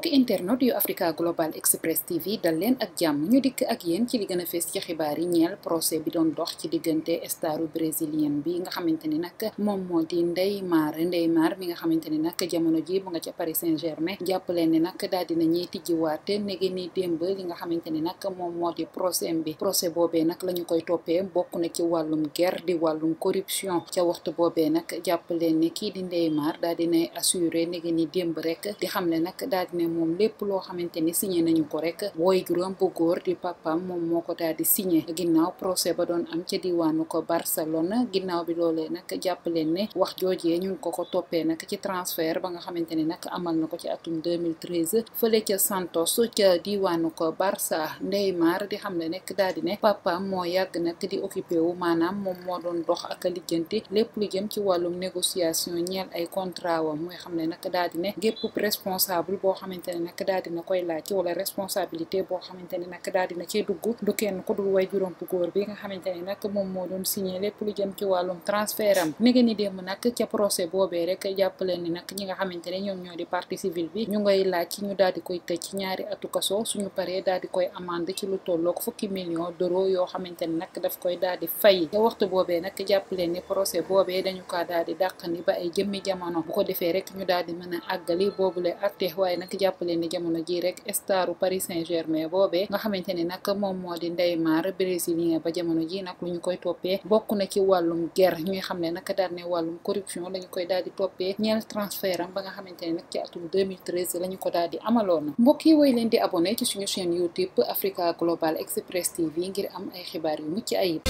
mbokki internet yu Afrika Global Express TV dal len ak jam ñu dik ak yeen ci li gëna fess ci xibaar yi ñeel procès bi doon dox ci digënté staru brésilien bi nga nak mom mo di ndey mar ndey mar mi nga xamanteni nak jamono ji bu nga ci Paris Saint-Germain japp leen ni nag daal dina ñuy tijjiwaate nege ni demb li nga xamanteni nak mom mo di procès bi procès bobé nak lañu koy topé bokku na ci walum guerre di walum corruption ci waxtu bobé nak japp leen ni kii di mar daal dina assurer nege ni demb rek di xamné nak daal dina mom lepp lo xamanteni signé nañu ko rek boy bu di papa mom moko ko di signé ginnaw procès ba doon am ci diwanu ko Barcelone ginnaw bi lolé nak jappalé e né wax jojé ñun ko ko topé nak ci transfert ba nga xamanteni nak amal nako ci atum 2013 feulé ci Santos ci diwanu ko Barça Neymar di xam nek papa moyak di ne papam moo di occupé wu manam mom mo doon dox ak lijjanti lepp lu jëm ci walum négociation ñeel ay contrat wa moy xam nak di responsable bo xamante ne nag daal dina koy laaj wala responsabilité boo xamante ne nag daal dina ciy dugg du kenn ku dul way juróom ne nag moom moo doon signé lépp lu jëm ci wàllum transfert am démb nag ca procès boobee rek jàpp leen ni nag ñi nga xamante ne ñoom ñoo di partie civile bi ñu ngay laaj ci ñu daal di koy tëj ci ñaari atu kaso suñu paree daal di koy amande ci lu tolloog fukki million d'euros yoo xamante ne nag daf koy daal di fay te waxtu boobee nag jàpp leen ni procès boobee dañu kaa daal di dàqandi ba ay jëmmi jamono bu ko defee rek ñu daal di mën a àggali boobule atte waaye nag jàpp leen ni jamono ji rek staru Paris Saint-Germain boobee nga xamante ne nag moom moo di Neymar brésilien ba jamono ji nag lu ñu koy toppee bokk na ci wàllum ger ñuy xam ne nag daal ne wàllum corruption la koy daal di toppee ñeel transfert ba nga xamante ne nag ci atum 2013 la ñu ko daal di amaloon mbokk yi woy leen di abonné ci suñu chaîne YouTube Africa Global Express TV ngir am ay xibaar yu mucc ayib